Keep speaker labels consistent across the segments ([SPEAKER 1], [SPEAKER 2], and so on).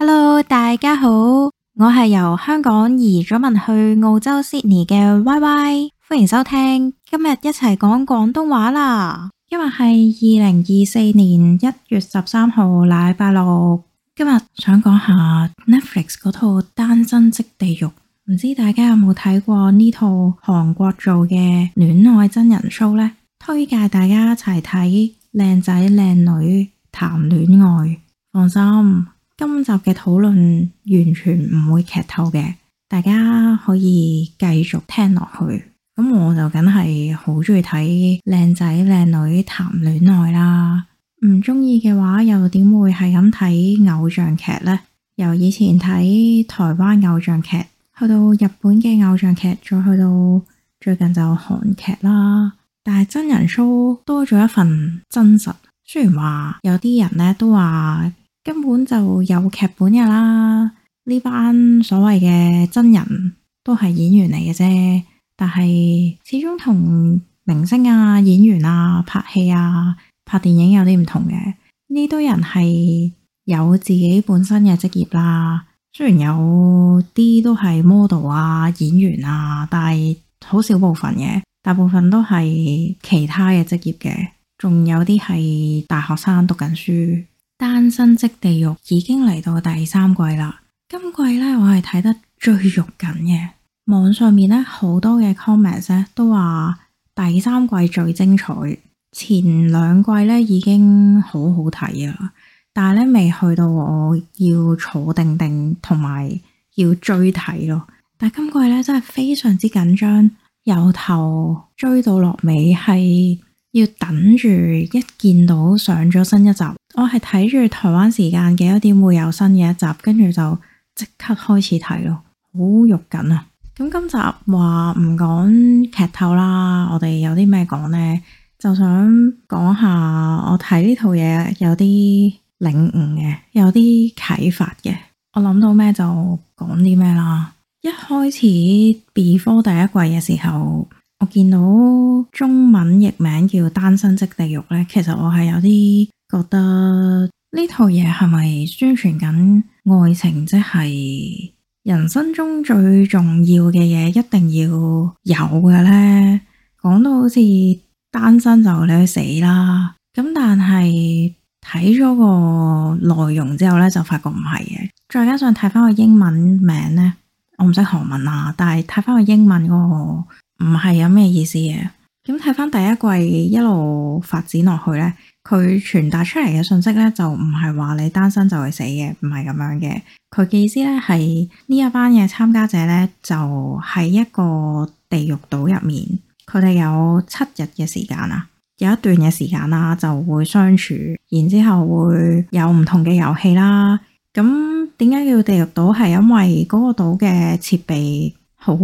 [SPEAKER 1] Hello，大家好，我係由香港移咗民去澳洲 Sydney 嘅 Y Y，歡迎收聽今日一齊講廣東話啦。今日係二零二四年一月十三號禮拜六，今日想講下 Netflix 嗰套單《單身即地獄》，唔知大家有冇睇過呢套韓國做嘅戀愛真人 show 呢？推介大家一齊睇靚仔靚女談戀愛，放心。今集嘅討論完全唔會劇透嘅，大家可以繼續聽落去。咁我就梗係好中意睇靚仔靚女談戀愛啦。唔中意嘅話，又點會係咁睇偶像劇呢？由以前睇台灣偶像劇，去到日本嘅偶像劇，再去到最近就韓劇啦。但係真人 show 多咗一份真實。雖然話有啲人呢都話。根本就有劇本噶啦，呢班所謂嘅真人都係演員嚟嘅啫。但係始終同明星啊、演員啊、拍戲啊、拍電影有啲唔同嘅。呢堆人係有自己本身嘅職業啦，雖然有啲都係 model 啊、演員啊，但係好少部分嘅，大部分都係其他嘅職業嘅，仲有啲係大學生讀緊書。單身即地獄已經嚟到第三季啦，今季呢，我係睇得最肉緊嘅。網上面呢，好多嘅 comments 咧都話第三季最精彩，前兩季呢，已經好好睇啊，但係咧未去到我要坐定定同埋要追睇咯，但係今季呢，真係非常之緊張，由頭追到落尾係。要等住一見到上咗新一集，我係睇住台灣時間幾多點會有新嘅一集，跟住就即刻開始睇咯，好肉緊啊！咁今集話唔講劇透啦，我哋有啲咩講呢？就想講下我睇呢套嘢有啲領悟嘅，有啲啟發嘅，我諗到咩就講啲咩啦。一開始 before 第一季嘅時候。我見到中文譯名叫《單身即地獄》呢，其實我係有啲覺得呢套嘢係咪宣傳緊愛情，即係人生中最重要嘅嘢一定要有嘅呢？講到好似單身就你去死啦！咁但係睇咗個內容之後呢，就發覺唔係嘅。再加上睇翻個英文名呢，我唔識韓文啊，但係睇翻個英文嗰個。唔係有咩意思嘅。咁睇翻第一季一路發展落去呢，佢傳達出嚟嘅信息呢，就唔係話你單身就會死嘅，唔係咁樣嘅。佢嘅意思呢，係呢一班嘅參加者呢，就喺一個地獄島入面，佢哋有七日嘅時間啊，有一段嘅時間啦，就會相處，然之後會有唔同嘅遊戲啦。咁點解叫地獄島？係因為嗰個島嘅設備好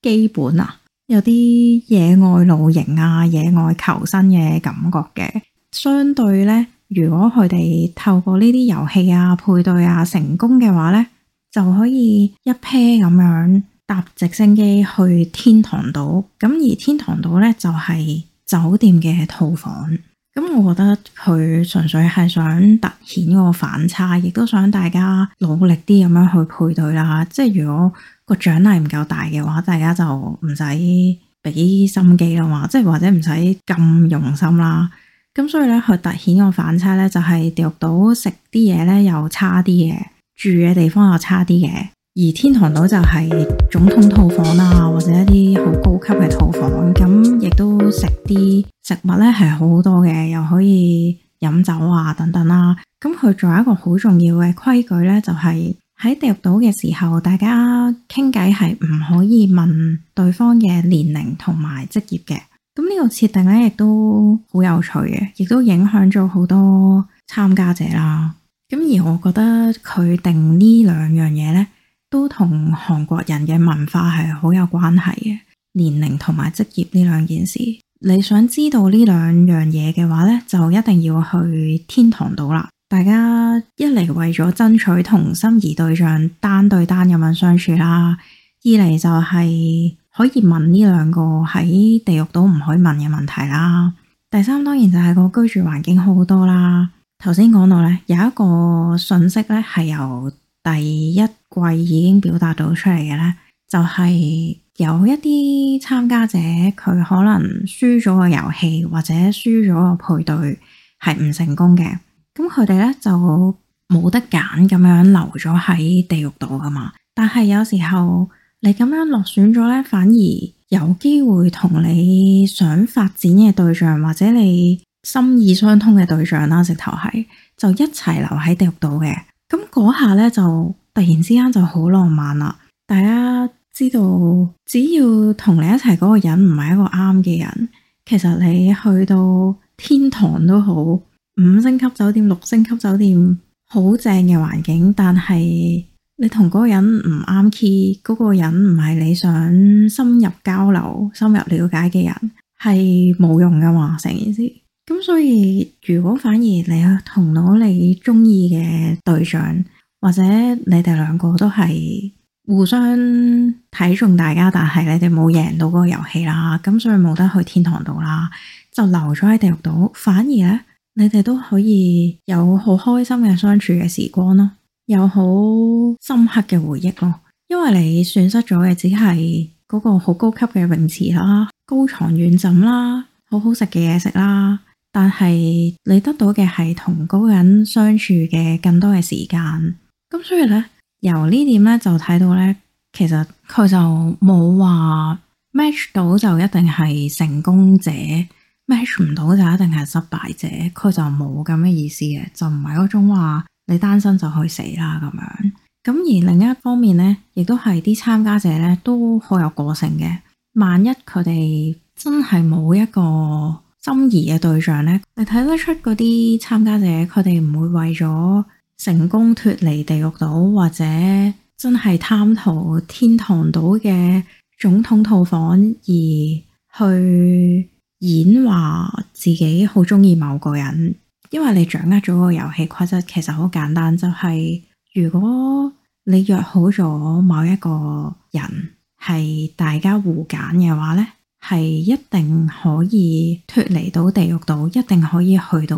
[SPEAKER 1] 基本啊。有啲野外露營啊、野外求生嘅感覺嘅，相對呢，如果佢哋透過呢啲遊戲啊配對啊成功嘅話呢，就可以一 pair 咁樣搭直升機去天堂島，咁而天堂島呢，就係酒店嘅套房，咁我覺得佢純粹係想凸顯個反差，亦都想大家努力啲咁樣去配對啦，即係如果。個獎勵唔夠大嘅話，大家就唔使俾心機啦嘛，即係或者唔使咁用心啦。咁所以呢，佢凸顯個反差呢，就係地獄島食啲嘢呢又差啲嘅，住嘅地方又差啲嘅。而天堂島就係總統套房啊，或者一啲好高級嘅套房，咁亦都食啲食物呢係好好多嘅，又可以飲酒啊等等啦。咁佢仲有一個好重要嘅規矩呢，就係、是。喺地獄島嘅時候，大家傾偈係唔可以問對方嘅年齡同埋職業嘅。咁呢個設定呢，亦都好有趣嘅，亦都影響咗好多參加者啦。咁而我覺得佢定呢兩樣嘢呢，都同韓國人嘅文化係好有關係嘅。年齡同埋職業呢兩件事，你想知道呢兩樣嘢嘅話呢，就一定要去天堂島啦。大家一嚟為咗爭取同心儀對象單對單咁樣相處啦，二嚟就係可以問呢兩個喺地獄都唔可以問嘅問題啦。第三，當然就係個居住環境好多啦。頭先講到呢，有一個信息呢係由第一季已經表達到出嚟嘅呢，就係、是、有一啲參加者佢可能輸咗個遊戲或者輸咗個配對係唔成功嘅。咁佢哋咧就冇得揀咁樣留咗喺地獄度噶嘛？但係有時候你咁樣落選咗咧，反而有機會同你想發展嘅對象或者你心意相通嘅對象啦，直頭係就一齊留喺地獄度嘅。咁嗰下咧就突然之間就好浪漫啦！大家知道，只要同你一齊嗰個人唔係一個啱嘅人，其實你去到天堂都好。五星級酒店、六星級酒店，好正嘅環境，但係你同嗰個人唔啱 key，嗰個人唔係你想深入交流、深入了解嘅人，係冇用噶嘛，成件事。咁所以如果反而你同到你中意嘅對象，或者你哋兩個都係互相睇中大家，但係你哋冇贏到嗰個遊戲啦，咁所以冇得去天堂度啦，就留咗喺地獄度，反而呢。你哋都可以有好開心嘅相處嘅時光咯，有好深刻嘅回憶咯。因為你損失咗嘅只係嗰個好高級嘅泳池啦、高床軟枕啦、好好食嘅嘢食啦，但係你得到嘅係同高人相處嘅更多嘅時間。咁所以呢，由呢點呢就睇到呢，其實佢就冇話 match 到就一定係成功者。match 唔到就一定係失敗者，佢就冇咁嘅意思嘅，就唔係嗰種話你單身就去死啦咁樣。咁而另一方面呢，亦都係啲參加者呢都好有個性嘅。萬一佢哋真係冇一個心儀嘅對象呢，你睇得出嗰啲參加者，佢哋唔會為咗成功脱離地獄島或者真係貪圖天堂島嘅總統套房而去。演話自己好中意某個人。因為你掌握咗個遊戲規則，其實好簡單，就係如果你約好咗某一個人係大家互揀嘅話呢，係一定可以脱離到地獄島，一定可以去到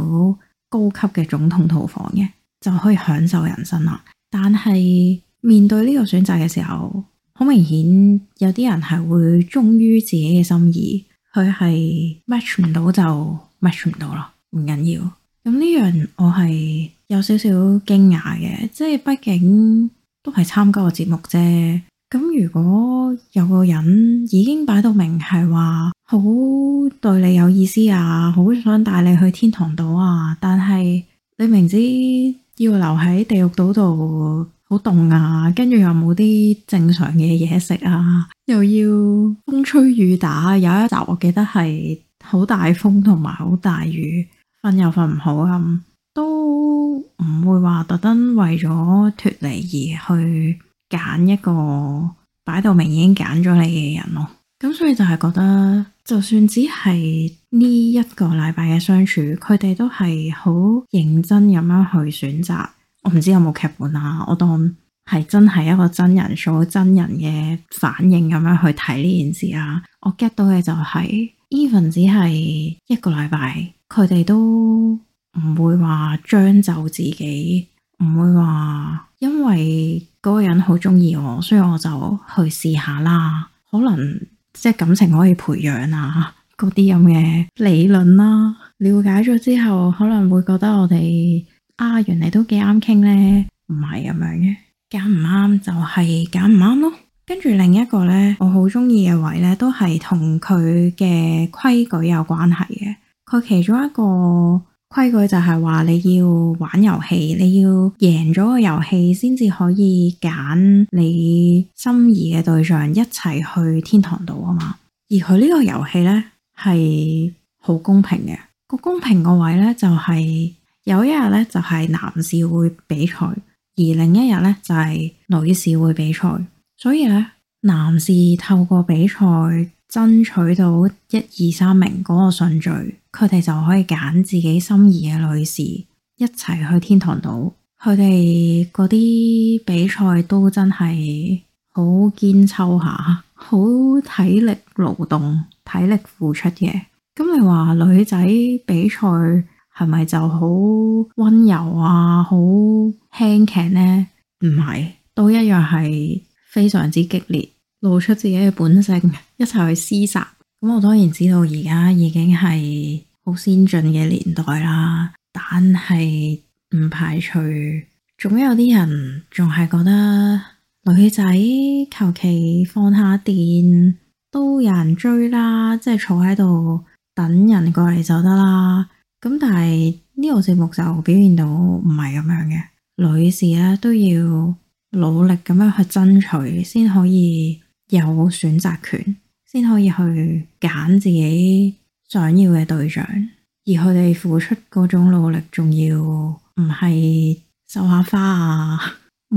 [SPEAKER 1] 高級嘅總統套房嘅，就可以享受人生啦。但係面對呢個選擇嘅時候，好明顯有啲人係會忠於自己嘅心意。佢係 match 唔到就 match 唔到咯，唔緊要。咁呢樣我係有少少驚訝嘅，即係畢竟都係參加個節目啫。咁如果有個人已經擺到明係話好對你有意思啊，好想帶你去天堂島啊，但係你明知要留喺地獄島度好凍啊，跟住又冇啲正常嘅嘢食啊。又要風吹雨打，有一集我記得係好大風同埋好大雨，瞓又瞓唔好咁，嗯，都唔會話特登為咗脱離而去揀一個擺到明已經揀咗你嘅人咯。咁所以就係覺得，就算只係呢一個禮拜嘅相處，佢哋都係好認真咁樣去選擇。我唔知有冇劇本啊，我當。係真係一個真人做真人嘅反應咁樣去睇呢件事啊！我 get 到嘅就係、是、even 只係一個禮拜，佢哋都唔會話將就自己，唔會話因為嗰個人好中意我，所以我就去試下啦。可能即係感情可以培養啊，嗰啲咁嘅理論啦、啊，了解咗之後，可能會覺得我哋啊，原來都幾啱傾呢，唔係咁樣嘅。揀唔啱就係揀唔啱咯，跟住另一個呢，我好中意嘅位呢，都係同佢嘅規矩有關係嘅。佢其中一個規矩就係話，你要玩遊戲，你要贏咗個遊戲先至可以揀你心儀嘅對象一齊去天堂島啊嘛。而佢呢個遊戲呢，係好公平嘅，個公平個位呢，就係有一日呢，就係男士會比賽。而另一日呢，就係、是、女士會比賽，所以呢，男士透過比賽爭取到一二三名嗰個順序，佢哋就可以揀自己心儀嘅女士一齊去天堂島。佢哋嗰啲比賽都真係好堅抽下，好體力勞動、體力付出嘅。咁你話女仔比賽？係咪就好溫柔啊？好輕鬆呢？唔係，都一樣係非常之激烈，露出自己嘅本性， 一齊去廝殺。咁我當然知道而家已經係好先進嘅年代啦，但係唔排除，總有啲人仲係覺得女仔求其放下電都有人追啦，即係坐喺度等人過嚟就得啦。咁但係呢、這個節目就表現到唔係咁樣嘅，女士咧都要努力咁樣去爭取，先可以有選擇權，先可以去揀自己想要嘅對象，而佢哋付出嗰種努力，仲要唔係繡下花啊，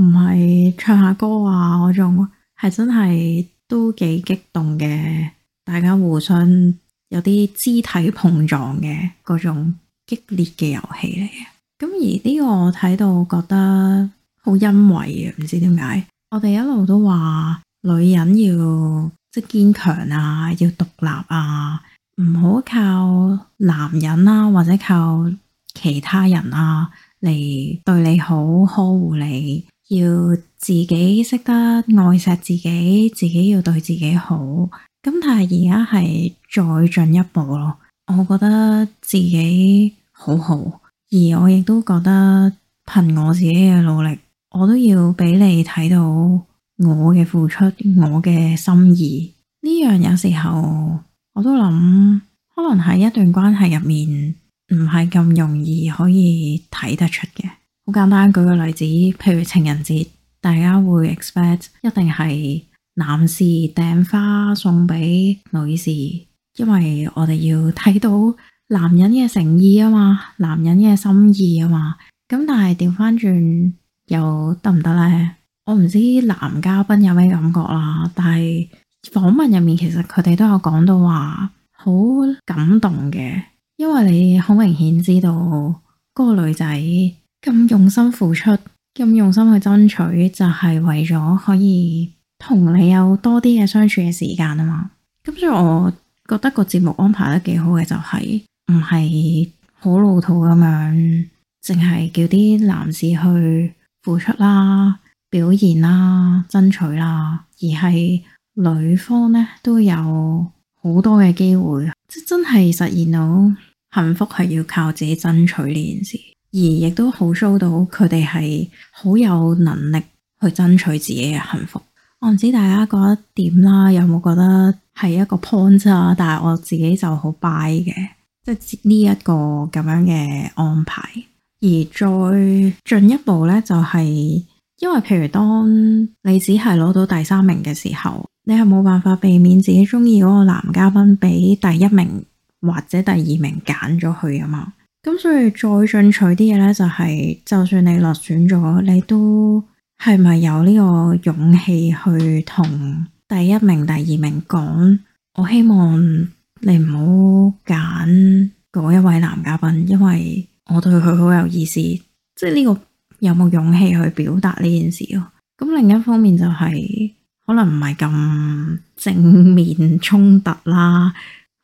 [SPEAKER 1] 唔係唱下歌啊嗰種，係真係都幾激動嘅，大家互相。有啲肢體碰撞嘅、嗰種激烈嘅遊戲嚟嘅，咁而呢個我睇到覺得好欣慰啊！唔知點解，我哋一路都話女人要即係堅強啊，要獨立啊，唔好靠男人啦、啊，或者靠其他人啊嚟對你好呵護你，要自己識得愛錫自己，自己要對自己好。咁但係而家係再進一步咯，我覺得自己好好，而我亦都覺得憑我自己嘅努力，我都要俾你睇到我嘅付出，我嘅心意。呢樣有時候我都諗，可能喺一段關係入面唔係咁容易可以睇得出嘅。好簡單，舉個例子，譬如情人節，大家會 expect 一定係。男士訂花送俾女士，因為我哋要睇到男人嘅誠意啊嘛，男人嘅心意啊嘛。咁但係調翻轉又得唔得呢？我唔知男嘉賓有咩感覺啦，但係訪問入面其實佢哋都有講到話好感動嘅，因為你好明顯知道嗰個女仔咁用心付出，咁用心去爭取，就係為咗可以。同你有多啲嘅相處嘅時間啊嘛，咁所以我覺得個節目安排得幾好嘅就係唔係好老土咁樣，淨係叫啲男士去付出啦、表現啦、爭取啦，而係女方呢都有好多嘅機會，即真係實現到幸福係要靠自己爭取呢件事，而亦都好 show 到佢哋係好有能力去爭取自己嘅幸福。我唔知大家覺得點啦，有冇覺得係一個 point 啊？但係我自己就好 buy 嘅，即係呢一個咁樣嘅安排。而再進一步呢，就係，就係因為譬如當你只係攞到第三名嘅時候，你係冇辦法避免自己中意嗰個男嘉賓俾第一名或者第二名揀咗佢啊嘛。咁所以再進取啲嘢呢，就係就算你落選咗，你都。係咪有呢個勇氣去同第一名、第二名講？我希望你唔好揀嗰一位男嘉賓，因為我對佢好有意思。即係呢個有冇勇氣去表達呢件事咯？咁另一方面就係可能唔係咁正面衝突啦，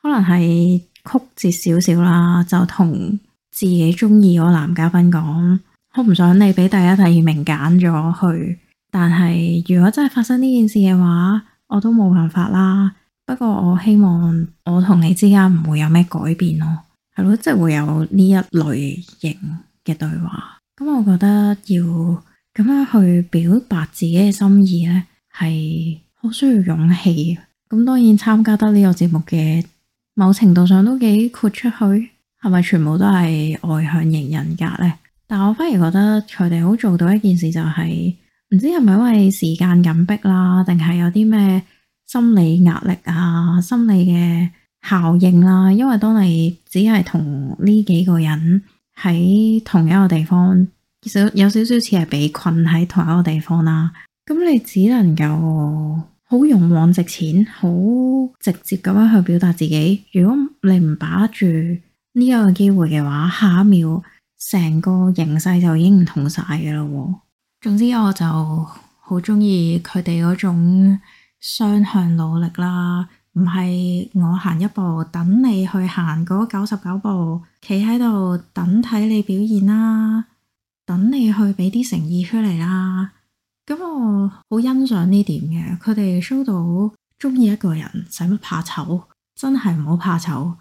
[SPEAKER 1] 可能係曲折少少少啦，就同自己中意嗰個男嘉賓講。我唔想你俾第一、第二名揀咗去，但係如果真係發生呢件事嘅話，我都冇辦法啦。不過我希望我同你之間唔會有咩改變咯，係咯，即係會有呢一類型嘅對話。咁我覺得要咁樣去表白自己嘅心意呢，係好需要勇氣。咁當然參加得呢個節目嘅，某程度上都幾豁出去，係咪全部都係外向型人格呢？但我反而覺得佢哋好做到一件事，就是，就係唔知係咪因為時間緊迫啦，定係有啲咩心理壓力啊，心理嘅效應啦、啊。因為當你只係同呢幾個人喺同一個地方，少有少少似係被困喺同一個地方啦。咁你只能夠好勇往直前，好直接咁樣去表達自己。如果你唔把握住呢個機會嘅話，下一秒，成個形勢就已經唔同晒㗎喇，總之我就好鍾意佢哋嗰種雙向努力啦，唔係我行一步等你去行嗰九十九步，企喺度等睇你表現啦，等你去畀啲誠意出嚟啦，咁我好欣賞呢點嘅，佢哋 show 到鍾意一個人，使乜怕醜？真係唔好怕醜。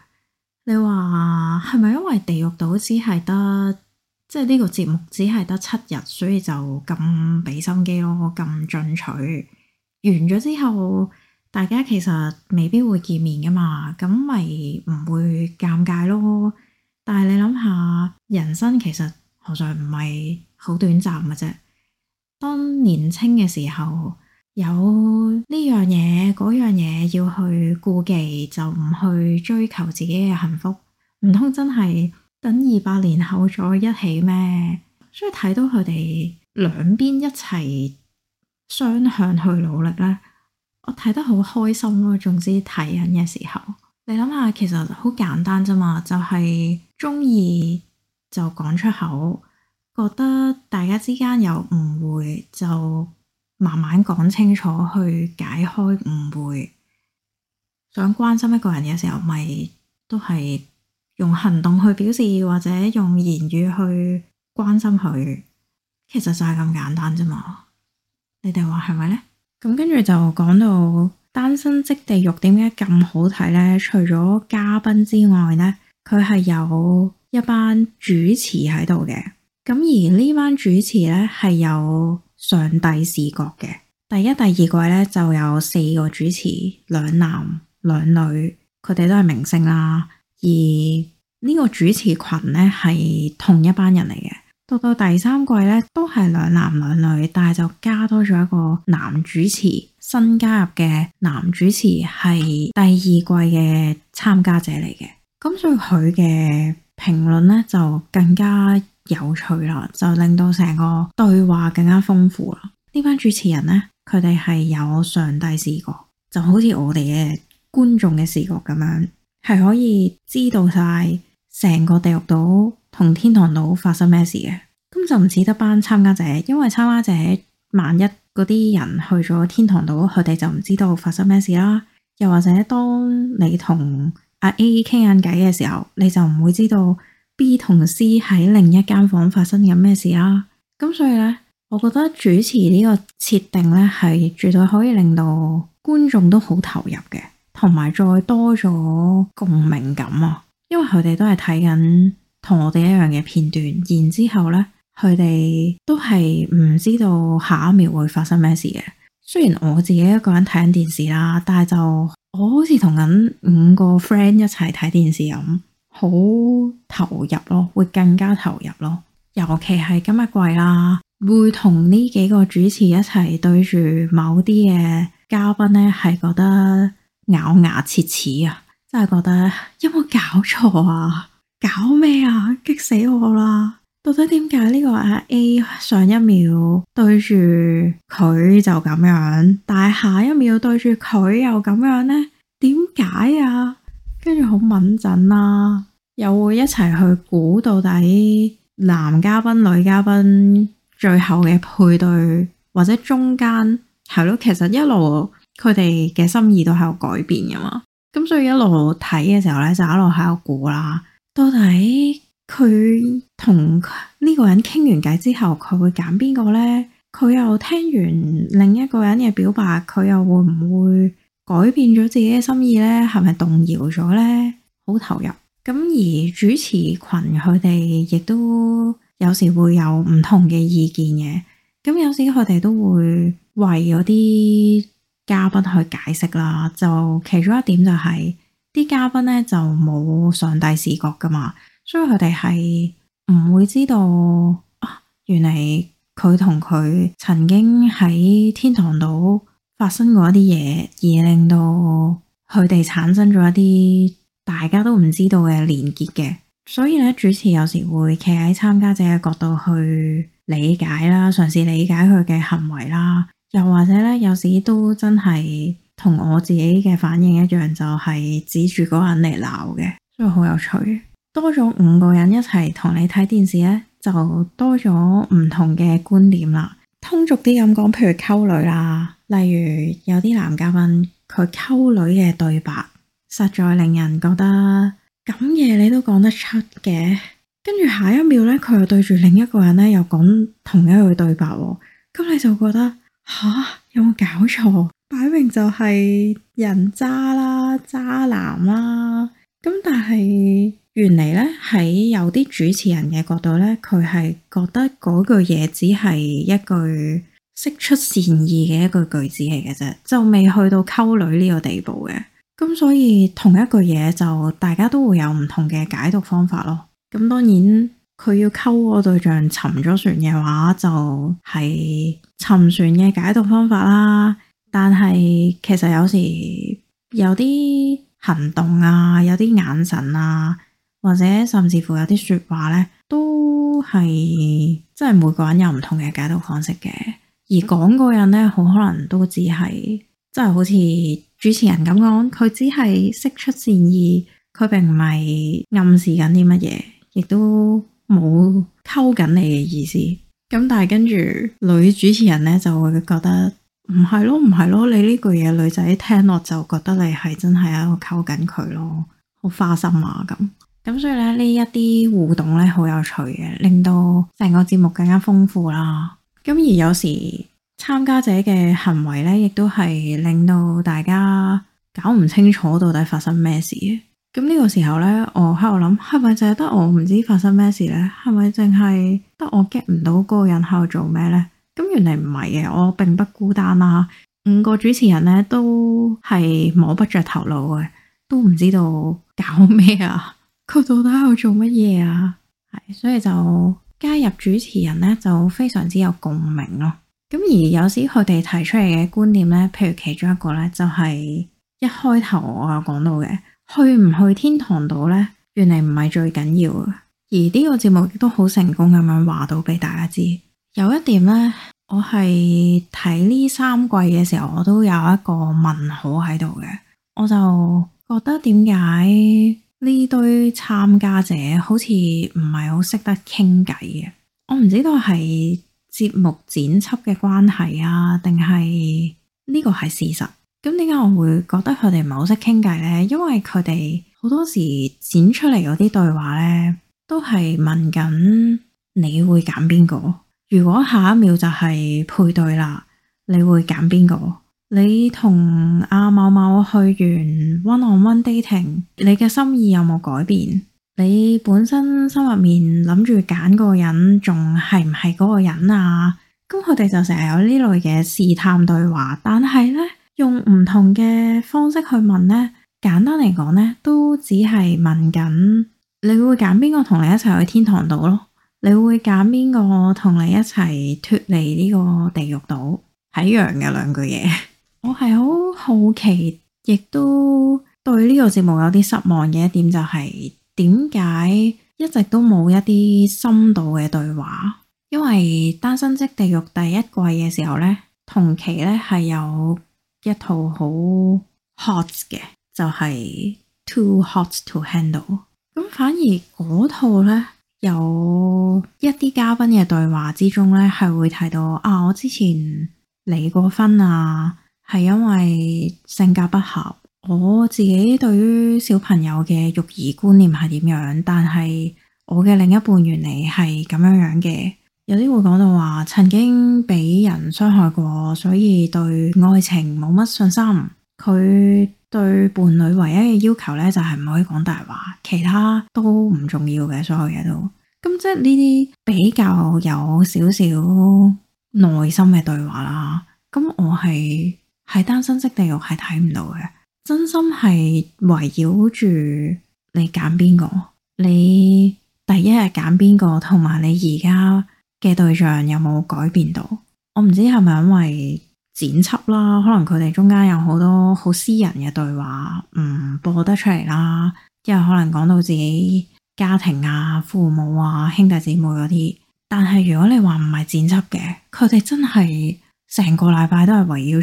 [SPEAKER 1] 你話係咪因為地獄島只係得即係呢個節目只係得七日，所以就咁畀心機咯，咁進取。完咗之後，大家其實未必會見面噶嘛，咁咪唔會尷尬咯。但係你諗下，人生其實何嘗唔係好短暫嘅啫？當年輕嘅時候。有呢樣嘢，嗰樣嘢要去顧忌，就唔去追求自己嘅幸福，唔通真係等二百年後再一起咩？所以睇到佢哋兩邊一齊雙向去努力咧，我睇得好開心咯。總之睇緊嘅時候，你諗下其實好簡單啫嘛，就係鍾意就講出口，覺得大家之間有誤會就。慢慢講清楚，去解開誤會。想關心一個人嘅時候，咪都係用行動去表示，或者用言語去關心佢。其實就係咁簡單啫嘛。你哋話係咪呢？咁跟住就講到《單身即地獄》，點解咁好睇呢？除咗嘉賓之外呢，佢係有一班主持喺度嘅。咁而呢班主持呢，係有。上帝視角嘅第一、第二季呢，就有四個主持，兩男兩女，佢哋都係明星啦。而呢個主持群呢，係同一班人嚟嘅。到到第三季呢，都係兩男兩女，但係就加多咗一個男主持，新加入嘅男主持係第二季嘅參加者嚟嘅。咁所以佢嘅評論呢，就更加。有趣啦，就令到成個對話更加豐富啦。呢班主持人呢，佢哋係有上帝視角，就好似我哋嘅觀眾嘅視角咁樣，係可以知道晒成個地獄島同天堂島發生咩事嘅。咁就唔止得班參加者，因為參加者萬一嗰啲人去咗天堂島，佢哋就唔知道發生咩事啦。又或者，當你同阿 A 傾緊偈嘅時候，你就唔會知道。B 同 C 喺另一間房發生緊咩事啦、啊？咁所以呢，我覺得主持呢個設定呢，係絕對可以令到觀眾都好投入嘅，同埋再多咗共鳴感啊！因為佢哋都係睇緊同我哋一樣嘅片段，然之後呢，佢哋都係唔知道下一秒會發生咩事嘅。雖然我自己一個人睇緊電視啦，但係就我好似同緊五個 friend 一齊睇電視咁。好投入咯，會更加投入咯，尤其係今日季啦、啊，會同呢幾個主持一齊對住某啲嘅嘉賓呢係覺得咬牙切齒啊，真係覺得、哎、有冇搞錯啊？搞咩啊？激死我啦！到底點解呢個阿 A, A 上一秒對住佢就咁樣，但係下一秒對住佢又咁樣呢？點解啊？跟住好敏陣啦，又會一齊去估到底男嘉賓、女嘉賓最後嘅配對，或者中間係咯、嗯，其實一路佢哋嘅心意都喺度改變噶嘛。咁所以一路睇嘅時候呢，就一路喺度估啦。到底佢同呢個人傾完偈之後，佢會揀邊個呢？佢又聽完另一個人嘅表白，佢又會唔會？改變咗自己嘅心意呢，係咪動搖咗呢？好投入咁，而主持群，佢哋亦都有時會有唔同嘅意見嘅。咁有時佢哋都會為嗰啲嘉賓去解釋啦。就其中一點就係、是、啲嘉賓呢，就冇上帝視角噶嘛，所以佢哋係唔會知道，啊，原來佢同佢曾經喺天堂度。發生過一啲嘢，而令到佢哋產生咗一啲大家都唔知道嘅連結嘅。所以咧，主持有時會企喺參加者嘅角度去理解啦，嘗試理解佢嘅行為啦。又或者咧，有時都真係同我自己嘅反應一樣，就係指住嗰人嚟鬧嘅，所以好有趣。多咗五個人一齊同你睇電視呢，就多咗唔同嘅觀點啦。通俗啲咁講，譬如溝女啦。例如有啲男嘉賓佢溝女嘅對白，實在令人覺得咁嘢，你都講得出嘅。跟住下一秒呢，佢又對住另一個人呢，又講同一句對白，咁你就覺得，吓？有冇搞錯？擺明就係人渣啦、渣男啦。咁但係原嚟呢，喺有啲主持人嘅角度呢，佢係覺得嗰句嘢只係一句。識出善意嘅一個句子嚟嘅啫，就未去到溝女呢個地步嘅。咁所以同一句嘢就大家都會有唔同嘅解讀方法咯。咁當然佢要溝個對象沉咗船嘅話，就係沉船嘅解讀方法啦。但係其實有時有啲行動啊，有啲眼神啊，或者甚至乎有啲說話呢，都係即係每個人有唔同嘅解讀方式嘅。而講嗰人咧，好可能都只係，真係好似主持人咁講，佢只係釋出善意，佢並唔係暗示緊啲乜嘢，亦都冇溝緊你嘅意思。咁但係跟住女主持人咧就會覺得唔係咯，唔係咯，你呢句嘢女仔聽落就覺得你係真係喺度溝緊佢咯，好花心啊咁。咁所以咧呢一啲互動咧好有趣嘅，令到成個節目更加豐富啦。咁而有時參加者嘅行為呢，亦都係令到大家搞唔清楚到底發生咩事。咁呢個時候呢，我喺度諗，係咪淨係得我唔知發生咩事呢？係咪淨係得我 get 唔到嗰個人喺度做咩呢？咁原嚟唔係嘅，我並不孤單啦。五個主持人呢，都係摸不着頭腦嘅，都唔知道搞咩啊？佢到底喺度做乜嘢啊？係，所以就。加入主持人呢，就非常之有共鳴咯，咁而有時佢哋提出嚟嘅觀點呢，譬如其中一個呢，就是，就係一開頭我有講到嘅，去唔去天堂島呢？原來唔係最緊要嘅，而呢個節目亦都好成功咁樣話到俾大家知。有一點呢，我係睇呢三季嘅時候，我都有一個問號喺度嘅，我就覺得點解？呢堆參加者好似唔係好識得傾偈嘅。我唔知道係節目剪輯嘅關係啊，定係呢個係事實？咁點解我會覺得佢哋唔係好識傾偈呢？因為佢哋好多時剪出嚟嗰啲對話呢，都係問緊你會揀邊個？如果下一秒就係配對啦，你會揀邊個？你同阿某某去完 One on One Dating，你嘅心意有冇改變？你本身心入面諗住揀嗰個人，仲係唔係嗰個人啊？咁佢哋就成日有呢類嘅試探對話，但係呢，用唔同嘅方式去問呢，簡單嚟講呢，都只係問緊你會揀邊個同你一齊去天堂島咯？你會揀邊個同你一齊脫離呢個地獄島？係一樣嘅兩句嘢。 我係好好奇，亦都對呢個節目有啲失望嘅，一點就係點解一直都冇一啲深度嘅對話？因為《單身即地獄》第一季嘅時候呢，同期呢係有一套好 hot 嘅，就係 Too Hot to Handle。咁反而嗰套呢，有一啲嘉賓嘅對話之中呢，係會提到啊，我之前離過婚啊。係因為性格不合，我自己對於小朋友嘅育兒觀念係點樣，但係我嘅另一半原嚟係咁樣樣嘅。有啲會講到話曾經俾人傷害過，所以對愛情冇乜信心。佢對伴侶唯一嘅要求呢，就係唔可以講大話，其他都唔重要嘅，所有嘢都。咁即係呢啲比較有少少內心嘅對話啦。咁我係。係單身即地獄係睇唔到嘅，真心係圍繞住你揀邊個，你第一日揀邊個，同埋你而家嘅對象有冇改變到？我唔知係咪因為剪輯啦，可能佢哋中間有好多好私人嘅對話唔、嗯、播得出嚟啦，即係可能講到自己家庭啊、父母啊、兄弟姊妹嗰啲。但係如果你話唔係剪輯嘅，佢哋真係。成個禮拜都係圍繞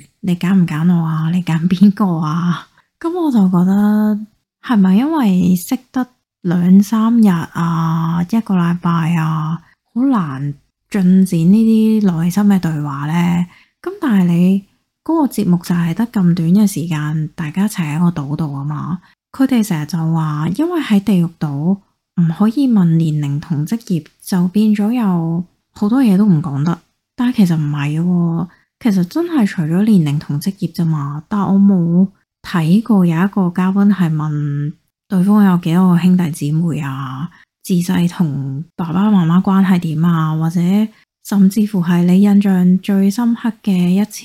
[SPEAKER 1] 住你揀唔揀我啊，你揀邊個啊？咁 我就覺得係咪因為識得兩三日啊，一個禮拜啊，好難進展呢啲內心嘅對話呢？咁但係你嗰、嗰個節目就係得咁短嘅時間，大家一齊喺個島度啊嘛。佢哋成日就話，因為喺地獄島唔可以問年齡同職業，就變咗有好多嘢都唔講得。但係其實唔係嘅，其實真係除咗年齡同職業咋嘛。但係我冇睇過有一個嘉賓係問對方有幾多個兄弟姊妹啊，自細同爸爸媽媽關係點啊，或者甚至乎係你印象最深刻嘅一次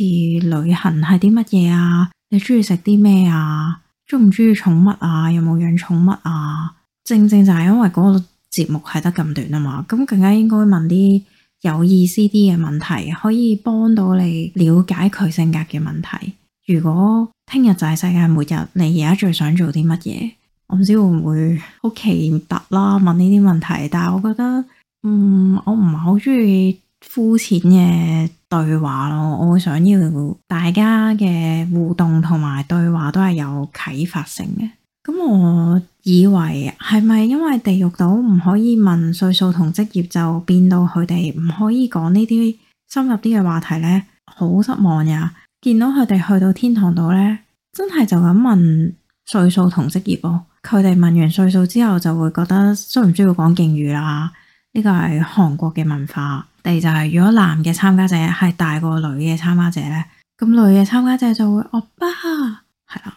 [SPEAKER 1] 旅行係啲乜嘢啊？你中意食啲咩啊？中唔中意寵物啊？有冇養寵物啊？正正就係因為嗰個節目係得咁短啊嘛，咁更加應該問啲。有意思啲嘅問題，可以幫到你了解佢性格嘅問題。如果聽日就係世界末日，你而家最想做啲乜嘢？我唔知會唔會好奇特啦？問呢啲問題，但係我覺得，嗯，我唔係好中意膚淺嘅對話咯。我會想要大家嘅互動同埋對話都係有啟發性嘅。咁我以為係咪因為地獄島唔可以問歲數同職業，就變到佢哋唔可以講呢啲深入啲嘅話題呢？好失望呀！見到佢哋去到天堂島呢，真係就咁問歲數同職業咯。佢哋問完歲數之後，就會覺得需唔需要講敬語啦？呢個係韓國嘅文化。第二就係如果男嘅參加者係大過女嘅參加者呢，咁女嘅參加者就會哦，爸係啦，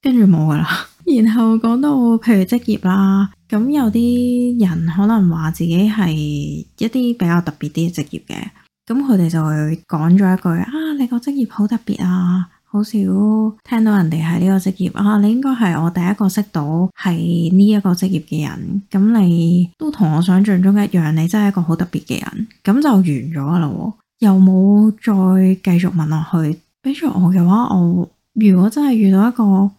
[SPEAKER 1] 跟住冇噶啦。然後講到譬如職業啦，咁有啲人可能話自己係一啲比較特別啲嘅職業嘅，咁佢哋就會講咗一句：啊，你個職業好特別啊，好少聽到人哋喺呢個職業啊，你應該係我第一個識到係呢一個職業嘅人，咁你都同我想象中一樣，你真係一個好特別嘅人。咁就完咗啦，又冇再繼續問落去。比住我嘅話，我如果真係遇到一個。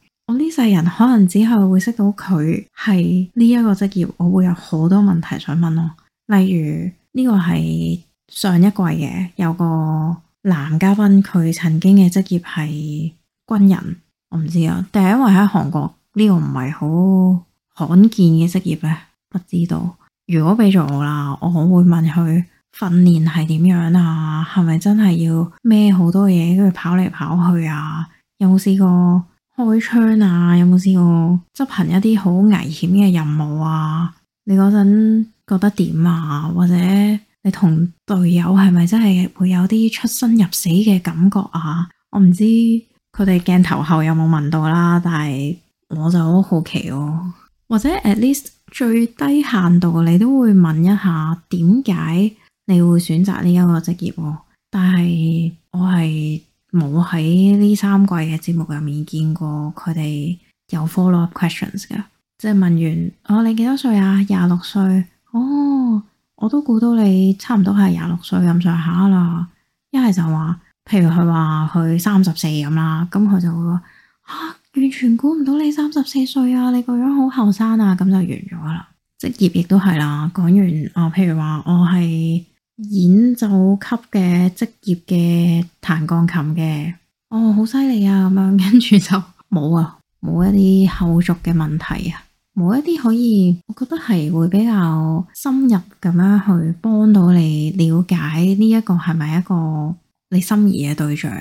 [SPEAKER 1] 呢世人可能只係會識到佢係呢一個職業，我會有好多問題想問咯。例如呢個係上一季嘅有個男嘉賓，佢曾經嘅職業係軍人，我唔知啊。但係因為喺韓國呢個唔係好罕見嘅職業咧，不知道。如果俾咗我啦，我會問佢訓練係點樣啊？係咪真係要孭好多嘢跟住跑嚟跑去啊？有冇試過？開槍啊！有冇試過執行一啲好危險嘅任務啊？你嗰陣覺得點啊？或者你同隊友係咪真係會有啲出生入死嘅感覺啊？我唔知佢哋鏡頭後有冇問到啦，但係我就好好奇哦、啊。或者 at least 最低限度你都會問一下，點解你會選擇呢一個職業、啊？但係我係。冇喺呢三季嘅節目入面見過佢哋有 follow up questions 嘅，即係問完哦，你幾多歲啊？廿六歲哦，我都估到你差唔多係廿六歲咁上下啦。一、啊、係就話，譬如佢話佢三十四咁啦，咁佢就會話吓、啊，完全估唔到你三十四歲啊，你個樣好後生啊，咁就完咗啦。職業亦都係啦，講完啊、哦，譬如話我係。演奏級嘅職業嘅彈鋼琴嘅，哦，好犀利啊！咁樣，跟住就冇啊，冇一啲後續嘅問題啊，冇一啲可以，我覺得係會比較深入咁樣去幫到你了解呢一個係咪一個你心儀嘅對象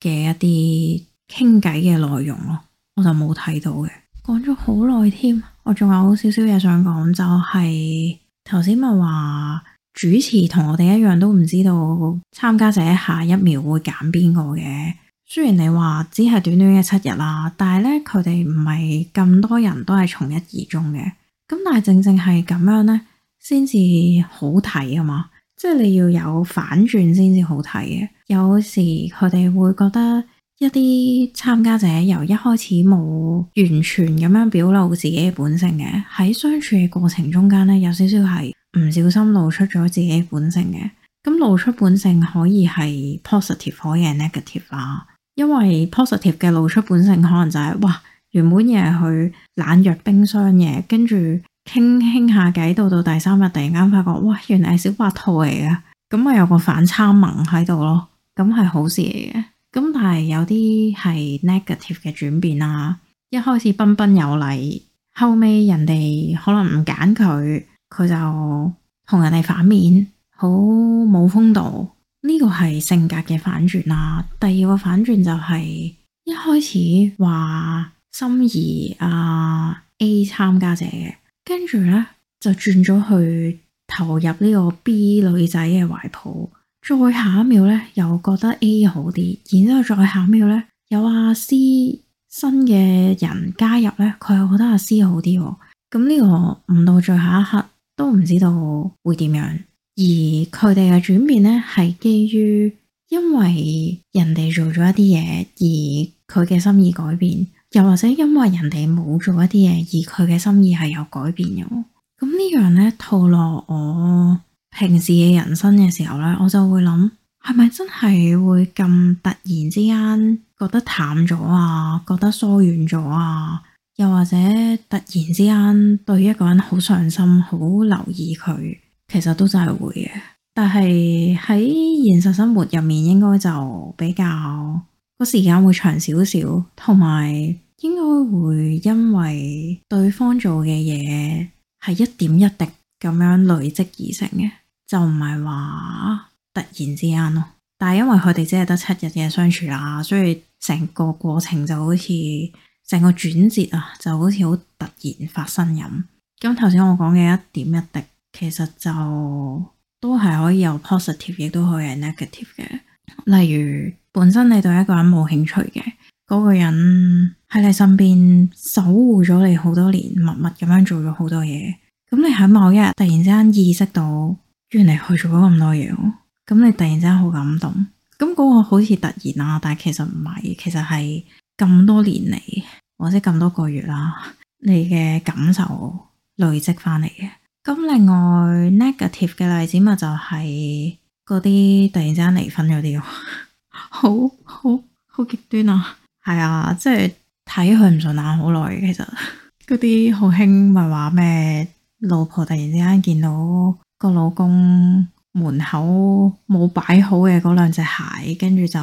[SPEAKER 1] 嘅一啲傾偈嘅內容咯，我就冇睇到嘅。講咗好耐添，我仲有少少嘢想講，就係頭先咪話。主持同我哋一樣都唔知道參加者下一秒會揀邊個嘅。雖然你話只係短短嘅七日啦，但係咧，佢哋唔係咁多人都係從一而終嘅。咁但係正正係咁樣呢，先至好睇啊嘛！即係你要有反轉先至好睇嘅。有時佢哋會覺得一啲參加者由一開始冇完全咁樣表露自己嘅本性嘅，喺相處嘅過程中間呢，有少少係。唔小心露出咗自己本性嘅，咁露出本性可以係 positive，可以係 negative 啦。因為 positive 嘅露出本性，可能就係、是、哇，原本嘢佢冷若冰霜嘅，跟住傾傾下偈，到到第三日，突然間發覺，哇，原來係小白兔嚟嘅，咁咪有個反差萌喺度咯，咁係好事嚟嘅。咁但係有啲係 negative 嘅轉變啦，一開始彬彬有禮，後尾人哋可能唔揀佢。佢就同人哋反面，好冇風度，呢個係性格嘅反轉啦。第二個反轉就係、是、一開始話心怡心儀啊 A 參加者嘅，跟住呢就轉咗去投入呢個 B 女仔嘅懷抱，再下一秒呢，又覺得 A 好啲，然之後再下一秒呢，有阿、啊、C 新嘅人加入呢，佢又覺得阿、啊、C 好啲喎、哦。咁呢個唔到最後一刻，都唔知道會點樣，而佢哋嘅轉變呢，係基於因為人哋做咗一啲嘢，而佢嘅心意改變；又或者因為人哋冇做一啲嘢，而佢嘅心意係有改變嘅。咁呢樣呢，套落我平時嘅人生嘅時候呢，我就會諗，係咪真係會咁突然之間覺得淡咗啊，覺得疏遠咗啊？又或者突然之間對一個人好上心、好留意佢，其實都真係會嘅。但係喺現實生活入面，應該就比較個時間會長少少，同埋應該會因為對方做嘅嘢係一點一滴咁樣累積而成嘅，就唔係話突然之間咯。但係因為佢哋只係得七日嘅相處啊，所以成個過程就好似～成個轉折啊，就好似好突然發生咁。咁頭先我講嘅一點一滴，其實就都係可以有 positive，亦都可以係 negative 嘅。例如，本身你對一個人冇興趣嘅，嗰、那個人喺你身邊守護咗你好多年，默默咁樣做咗好多嘢。咁你喺某一日突然之間意識到原來，原嚟佢做咗咁多嘢，咁你突然之間好感動。咁、那、嗰個好似突然啊，但係其實唔係，其實係。咁多年嚟，或者咁多個月啦，你嘅感受累積翻嚟嘅。咁另外 negative 嘅例子咪就係嗰啲突然之間離婚嗰啲， 好好好極端啊！係啊，即係睇佢唔順眼好耐。其實嗰啲好興咪話咩，老婆突然之間見到個老公門口冇擺好嘅嗰兩隻鞋，跟住就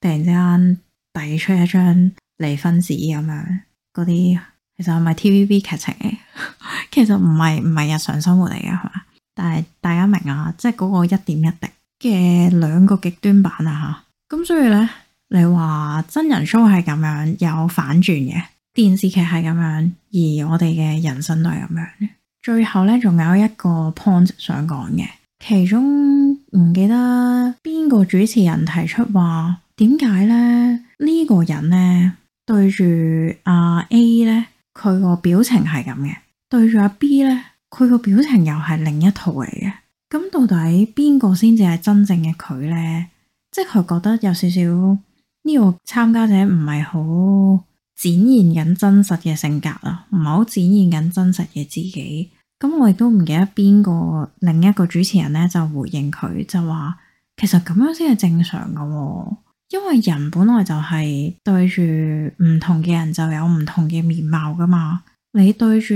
[SPEAKER 1] 突然之間。遞出一張離婚紙咁樣，嗰啲其實係咪 TVB 劇情嚟？？ 其實唔係唔係日常生活嚟嘅係嘛？但係大家明啊，即係嗰個一點一滴嘅兩個極端版啊吓。咁所以呢，你話真人 show 係咁樣有反轉嘅，電視劇係咁樣，而我哋嘅人生都係咁樣。最後呢，仲有一個 point 想講嘅，其中唔記得邊個主持人提出話，「點解呢？」呢個人呢，對住阿 A 呢，佢個表情係咁嘅；對住阿 B 呢，佢個表情又係另一套嚟嘅。咁到底邊個先至係真正嘅佢呢？即係佢覺得有少少呢個參加者唔係好展現緊真實嘅性格啊，唔係好展現緊真實嘅自己。咁我亦都唔記得邊個另一個主持人呢，就回應佢，就話其實咁樣先係正常㗎喎。因為人本來就係對住唔同嘅人就有唔同嘅面貌噶嘛，你對住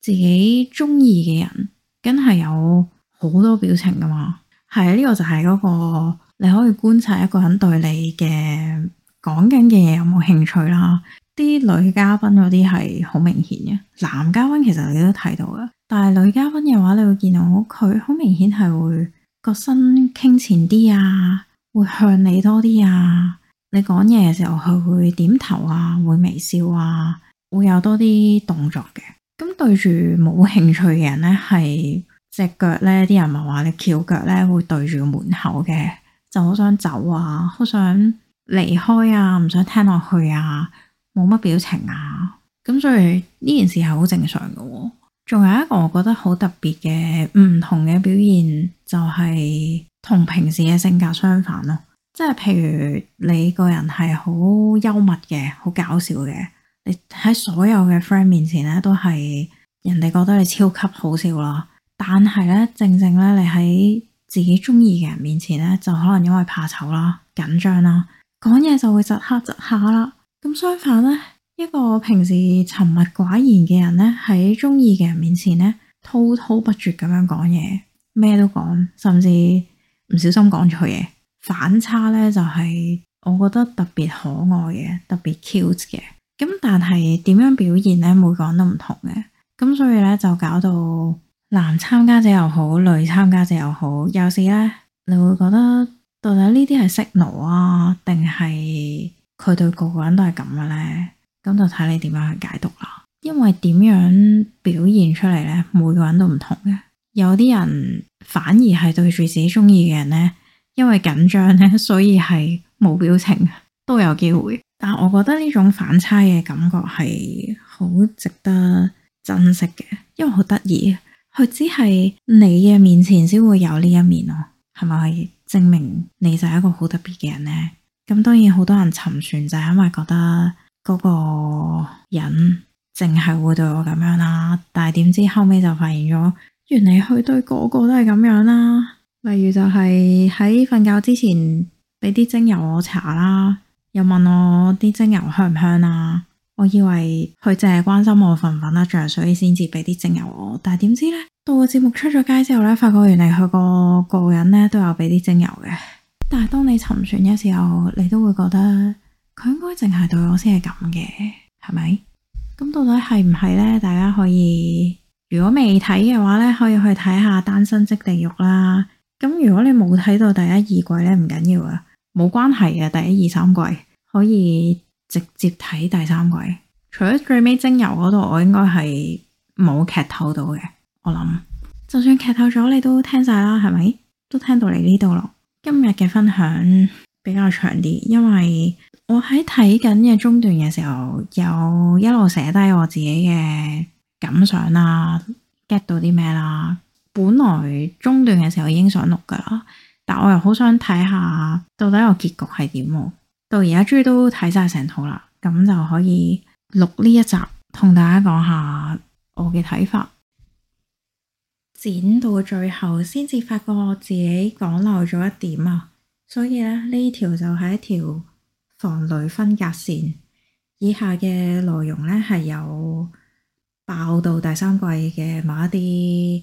[SPEAKER 1] 自己中意嘅人，梗係有好多表情噶嘛。係，呢個就係嗰個，你可以觀察一個人對你嘅講緊嘅嘢有冇興趣啦。啲女嘉賓嗰啲係好明顯嘅，男嘉賓其實你都睇到噶，但係女嘉賓嘅話你會見到佢好明顯係會個身傾前啲啊。會向你多啲啊，你講嘢嘅時候佢會點頭啊，會微笑啊，會有多啲動作嘅。咁對住冇興趣嘅人呢，係隻腳呢。啲人咪話你翹腳呢，會對住門口嘅，就好想走啊，好想離開啊，唔想聽落去啊，冇乜表情啊。咁所以呢件事係好正常嘅喎。仲有一個我覺得好特別嘅唔同嘅表現就係。同平時嘅性格相反咯，即係譬如你個人係好幽默嘅、好搞笑嘅，你喺所有嘅 friend 面前咧都係人哋覺得你超級好笑咯。但係咧，正正咧，你喺自己中意嘅人面前咧，就可能因為怕醜啦、緊張啦，講嘢就會窒下窒下啦。咁相反咧，一個平時沉默寡言嘅人咧，喺中意嘅人面前咧，滔滔不絕咁樣講嘢，咩都講，甚至～唔小心講錯嘢，反差呢就係我覺得特別可愛嘅，特別 cute 嘅。咁但係點樣表現呢？每個人都唔同嘅。咁所以呢，就搞到男參加者又好，女參加者又好，有時呢，你會覺得到底呢啲係 signal 啊，定係佢對個個人都係咁嘅呢？咁就睇你點樣去解讀啦。因為點樣表現出嚟呢？每個人都唔同嘅。有啲人反而係對住自己中意嘅人呢，因為緊張呢，所以係冇表情，都有機會。但係我覺得呢種反差嘅感覺係好值得珍惜嘅，因為好得意，佢只係你嘅面前先會有呢一面咯，係咪？證明你就係一個好特別嘅人呢？咁當然好多人沉船就係因為覺得嗰個人淨係會對我咁樣啦，但係點知後尾就發現咗。原來佢對個個都係咁樣啦，啊，例如就係喺瞓覺之前俾啲精油我搽啦，又問我啲精油香唔香啊。我以為佢淨係關心我瞓唔瞓得着，所以先至俾啲精油我。但係點知呢，到個節目出咗街之後呢，發覺原來佢個個人呢都有俾啲精油嘅。但係當你沉船嘅時候，你都會覺得佢應該淨係對我先係咁嘅，係咪？咁到底係唔係呢？大家可以。如果未睇嘅話咧，可以去睇下《單身即地獄》啦。咁如果你冇睇到第一二季咧，唔緊要啊，冇關係啊。第一二三季可以直接睇第三季。除咗最尾精油嗰度，我應該係冇劇透到嘅。我諗，就算劇透咗，你都聽晒啦，係咪？都聽到嚟呢度咯。今日嘅分享比較長啲，因為我喺睇緊嘅中段嘅時候，有一路寫低我自己嘅。感想啦，啊，get 到啲咩啦？本來中段嘅時候已經想錄噶啦，但我又好想睇下到底個結局係點啊。到而家終於都睇晒成套啦，咁就可以錄呢一集，同大家講下我嘅睇法。剪到最後先至發覺自己講漏咗一點啊，所以咧呢條就係一條防雷分隔線。以下嘅內容呢係有。爆到第三季嘅某一啲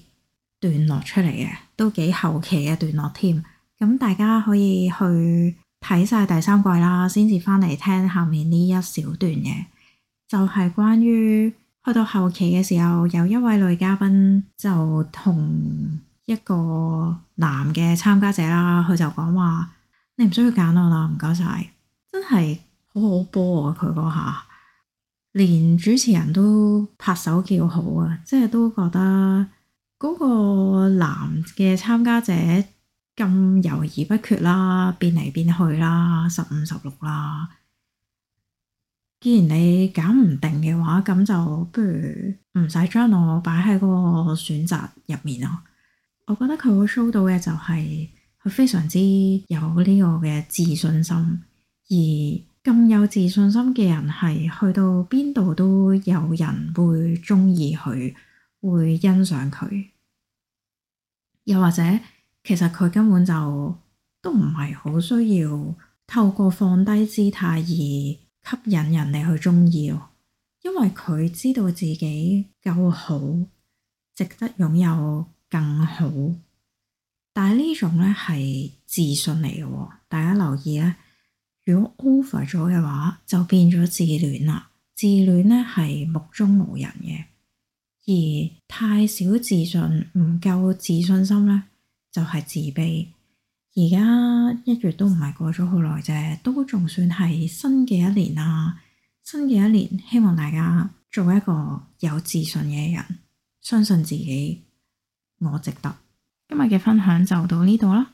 [SPEAKER 1] 段落出嚟嘅，都幾後期嘅段落添。咁大家可以去睇晒第三季啦，先至翻嚟聽下面呢一小段嘢，就係關於去到後期嘅時候，有一位女嘉賓就同一個男嘅參加者啦，佢就講話：你唔需要揀我啦，唔該晒。真係好好波啊！佢嗰下。連主持人都拍手叫好啊！即係都覺得嗰個男嘅參加者咁猶豫不決啦，變嚟變去啦，十五十六啦。既然你揀唔定嘅話，咁就不如唔使將我擺喺嗰個選擇入面咯。我覺得佢會 show 到嘅就係佢非常之有呢個嘅自信心，而。咁有自信心嘅人係去到邊度都有人會鍾意佢，會欣賞佢。又或者，其實佢根本就都唔係好需要透過放低姿態而吸引人哋去鍾意，因為佢知道自己夠好，值得擁有更好。但係呢種咧係自信嚟嘅喎，大家留意啊！如果 over 咗嘅話，就變咗自戀啦。自戀呢係目中無人嘅，而太少自信、唔夠自信心呢，就係自卑。而家一月都唔係過咗好耐啫，都仲算係新嘅一年啦。新嘅一年，希望大家做一個有自信嘅人，相信自己，我值得。今日嘅分享就到呢度啦。